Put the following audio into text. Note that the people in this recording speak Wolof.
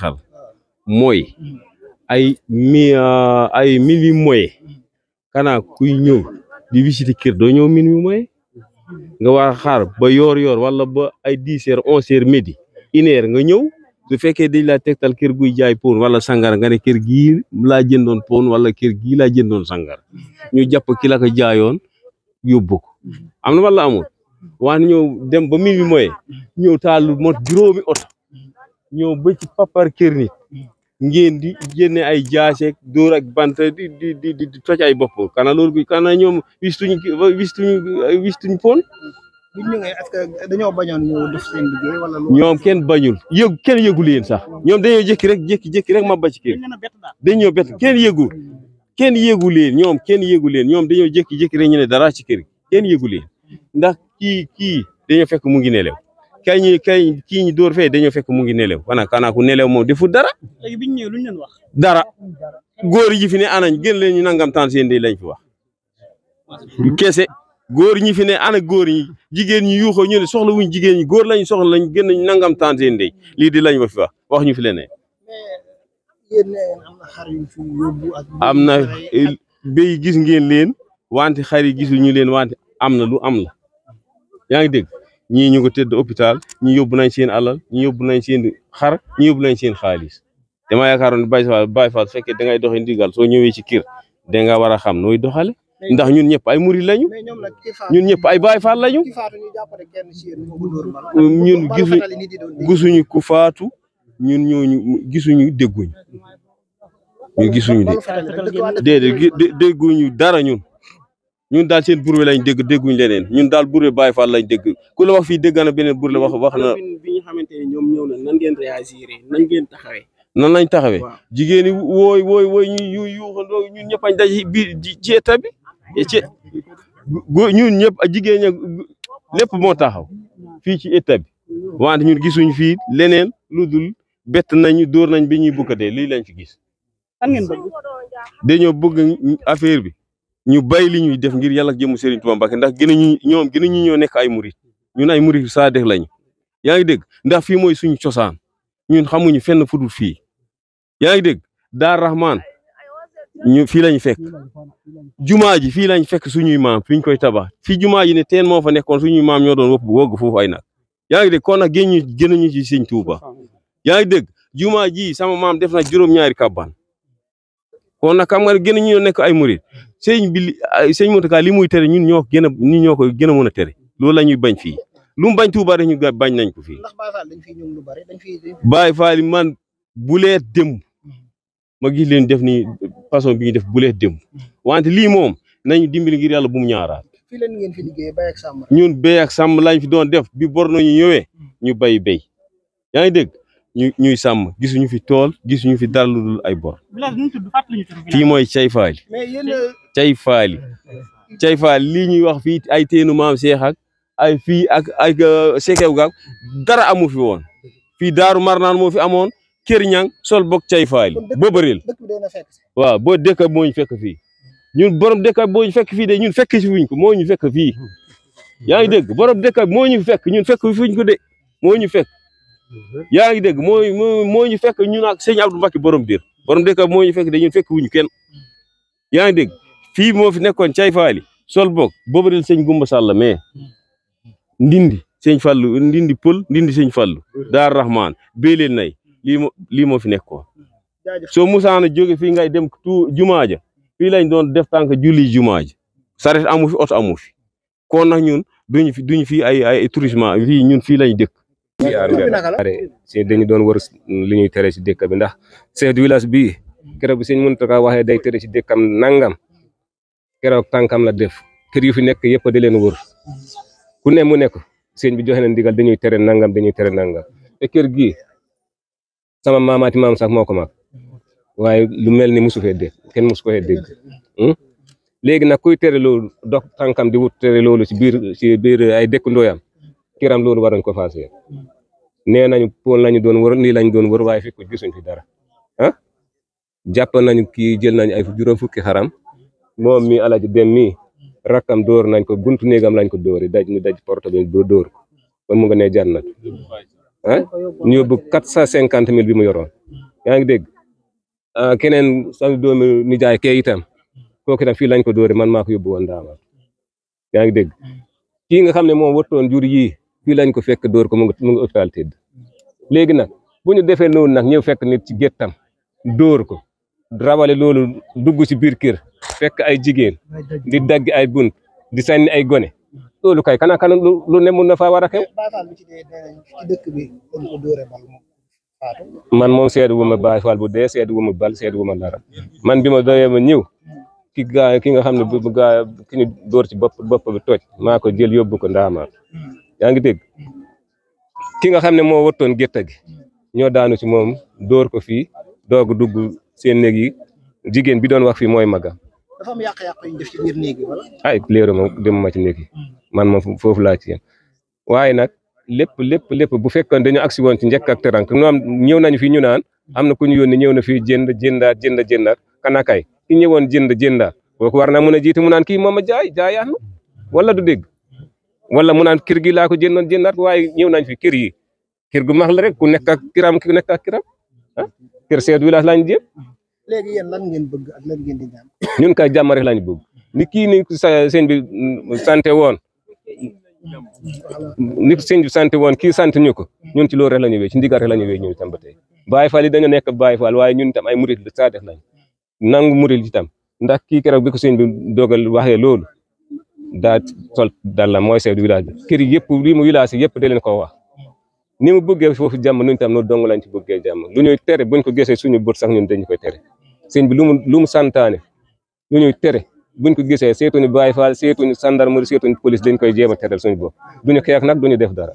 xal ah. moy hmm. ay mi ay mini moy hmm. kana kuy ñew di visiter kër doo ñëw minuit moy nga wa xaar ba yor yor wala ba ay 10h 11h midi 1h nga ñew du fekke di la tektal kër guy jaay pour wala sangar nga ne kër gi la jëndon pon wala kër gi la jëndon sangar ñu japp ki la ko jaayoon yobbu ko wala amul hmm. wa ñew dem ba minuit moy ñew talu mot juroomi auto ñëw ba ci papar kër nit ngeen di génne ay jaaseeg dóor ak bant di di di di ay bopp kana loolu kana ñoom wistuñu wistuñu wistuñu poon bu ñu dañoo bañoon ñoom kenn bañul yëg kenn yëgul yéen sax ñoom dañoo jékki rek jékki rek ma ba ci kër dañoo bett kenn yëgul kenn yëgul leen ñoom kenn yëgul leen ñoom dañoo jékki-jékki rek ñu ne dara ci kër kenn yëgul leen ndax kii kii dañoo fekk mu ngi nelew kay ñi kay kii ñi dóor dañoo fekk mu ngi nelew xanaa xanaa ku nelew moom deful dara. léegi ñu lu ñu leen wax. dara góor yi fi ne anañ gën leen ñu nangam taan seen day lañ fi wax. kese góor ñi fi ne ana góor ñi jigéen ñi yuuxoo ñu ne soxla wuñ jigéen ñi góor lañ soxla lañu gën nañ nangam taan seen day lii di lañ ba fi wax wax ñu fi leen ne. am na béy gis ngeen leen wante xar yi gisuñu leen wante am na lu am la yaa ngi dégg. ñii ñu ngi tëdd hôpital ñii yóbbu nañ seen alal ñii yóbbu nañ seen xar ñii yóbbu nañ seen xaalis dama yaakaaroon Baye Fall Baye Fall su fekkee da ngay doxee ndigal soo ñëwee ci kir da nga war a xam nooy doxale ndax ñun ñëpp ay murid lañu ñun ñëpp ay Baye Fall lañu euh, ñun gisu gisuñu ku faatu ñun ñooñu gisuñu dégguñu ñu gisuñu de dara ñun ñun daal seen burwe lañ dégg dégguñ leneen ñun daal burwe Baye Fall lañ dégg ku la wax fii dégg na beneen burwe wax wax na. bi ñu xamante ne ñoom ñëw na nan ngeen réagir nan ngeen lañ taxawee. jigéen ñi wooy wooy wooy ñu yu yuuxandoo ñun ñëpp añ daj biir ci état bi ci ñun ñëpp jigéen ña lépp moo taxaw fii ci état bi wante ñun gisuñ fii leneen lu dul bett nañu dóor nañ bi ñuy bukkatee lii lañ ci gis. kan ngeen bëgg. affaire bi. ñu bàyyi li ñuy def ngir yàlla ak jëmu Serigne Touba Mbacke ndax gën ñu ñoom gën a ñu ñoo nekk ay murit ñun ay murit saa def yaa ngi dégg ndax fii mooy suñu cosaan ñun xamuñu fenn fu dul yaa ngi dégg daar Rahman ñu fii lañ fekk jumaa ji fii lañ fekk suñuy maam fi koy tabax fii jumaa ji ne teen moo fa nekkoon suñuy maam ñoo doon wëpp foofu ay nag yaa ngi dégg nag génn ñu gën ñu ci Serigne yaa ngi dégg jumaa ji sama maam def na juróom-ñaari kàbbaan kon nag xam nekk ay murit sëñ bi ah, sëñ Mountakha li muy tere ñun ñoo gën a ñun ñoo koy gën a tere loolu la ñuy bañ fii lu mu bañ Tuuba rek ñu bañ nañ ko fii. Baay Faal man buleet démb mm-hmm. ma gis leen def ni façon bi ñu def buleet démb mm-hmm. wante lii moom nañu dimbali ngir yàlla bu mu ñaaraat. ak sàmm ñun bay ak sàmm lañ fi doon def bi bor nañu ñëwee mm-hmm. ñu bay bay yaa ngi dégg. ñuy sàmm gisuñu fi tool gisuñu fi dara dul ay bor. fii mooy cay faali cay faali cay faali lii ñuy wax fii ay teenu maam seex ay fii ak ay sekew euh, dara amu fi woon fii daaru marnaan moo fi amoon kër ñaŋ sol bokk cay faali boo bëril waaw boo dëkk moo ñu fekk fii ñun borom dëkk boo ñu fekk fii de ñun fekk si fuñ moo ñu fekk fii yaa ngi dégg borom dëkk moo ñu fekk ñun fekk fuñ ko de moo ñu fekk Mhm. yaa ngi dégg moo moo ñu fekk ñun ak sëñ Abdou Mbacké borom diir borom dëkk moo ñu fekk dañu fekk wuñu kenn mhm. yaa ngi dégg fii moo fi nekkoon cay faali sol boog boobaril sëñ Gumba salla mais mhm. ndindi sëñ Fallu ndindi pël ndindi sëñ Fallu daar Rahman béyleel nay lii moo lii moo fi nekkoon soo musaana jóge fii ngay dem tu jumaa ja fii lañ doon def tànk juli jumaa ja saret amu fi oto amu fi kon nag ñun duñu fii ay ay tourisme fii ñun fii lañ dëkk ci dañu doon wër li ñuy tere si dëkk bi ndax chef de bi bii keroog bi sëñ Muntaxa waxee day tere ci dëkkam nangam keroog tànkam la def kër yu fi nekk yëpp da leen wër ku ne mu nekk sëñ bi joxe na ndigal dañuy tere nangam dañuy tere nangam te kër gii sama maamaati maam sax moo ko mag waaye lu mel ni musu fee dégg ken musu ko fee dégg hmm? léegi nag kuy tere loolu dox tànkam di wut tere loolu si biir ci biir ay dëkk ndooyam kiram loolu war nañ ko nee nañu pôle lañu doon wër nii lañu doon wër waaye fekk gisuñ fi dara ah jàpp nañ kii jël nañ ay juróom fukki xaram moom mi alaji dem mi rakkam dóor nañ ko buntu néegam lañ ko dóori daj ñu daj porte bi bu dóor ko ba mu nga ne jànnat ah ñu yóbbu quatre cent cinquante mille bi mu yoroon yaa ngi dégg ah, keneen sama doomi nijaay kee itam kooku fii lañ ko dóori man maa ko yóbbu woon ndaamaat yaa ngi dégg nga xam ne moom jur yii fii lañ ko fekke dóor ko mu ngi mu ngi hôpital léegi nag bu ñu defee loolu nag ñëw fekk nit ci géttam dóor ko rawale loolu dugg ci biir kër fekk ay jigéen di dagg ay bunt di sànni ay gone loolu kay kana kana lu ne mun na faa war a man moom seedu wu ma Baay Faal bu dee seedu wu ma bal seedu wu ma dara man bi ma doyee ma ñëw ki gaa ki nga xam ne bu gaa ki ñu dóor ci bopp bopp bi toj maa ko jël yóbbu ko ndaamaat yaa ngi dégg ki nga xam ne moo wattoon gerte gi ñoo daanu ci moom dóor ko fii doog dugg seen néeg yi jigéen bi doon wax fii mooy maga dafa ay léero moom dem ma ci néeg yi man ma foofu laa ci waaye nag lépp lépp lépp bu fekkoon dañu agsi woon ci njëkk ak terànk ñoom ñëw nañu fi ñu naan am na ku ñu yónni ñëw na fii jënd jëndaat jënd jëndaat kanakaay ki ñëwoon jënd jëndaat kooku war naa mën a jiitu mu naan kii moom a jaay jaayaat wala du dégg wala mu naan kër gi laa ko jëndoon jëndaat waaye ñëw nañ fi kër yi kër gu mag la rek ku nekk ak kiram ku nekk ak kiram ah kër seet village lañ ñun kay jàmm rek lañ bëgg ni kii ni sëñ bi sante woon ni sëñ bi sante woon ki sant ñu ko ñun ci loolu rek la ñu wéy ci ndigal la ñu wéy ñun itam ba tey Baay Faal yi nekk Baay Faal waaye ñun itam ay murit la saa def lañ nangu murit tam ndax kii keroog bi ko sëñ bi dogal waxee loolu. daa sol dal la mooy chef du village bi kër mu village yëpp da leen koo wax ni mu bëggee foofu jàmm nuñu tam noonu dong lañ ci bëggee jàmm lu ñuy tere buñ ko gese suñu bët sax ñun dañ koy tere sëñ bi lu mu lu mu santaane lu ñuy tere buñ ko gisee seetuñu Baay Faal seetuñu gendarmerie seetuñu police dañ koy jéem a teral suñu bopp duñu xeex nag duñu def dara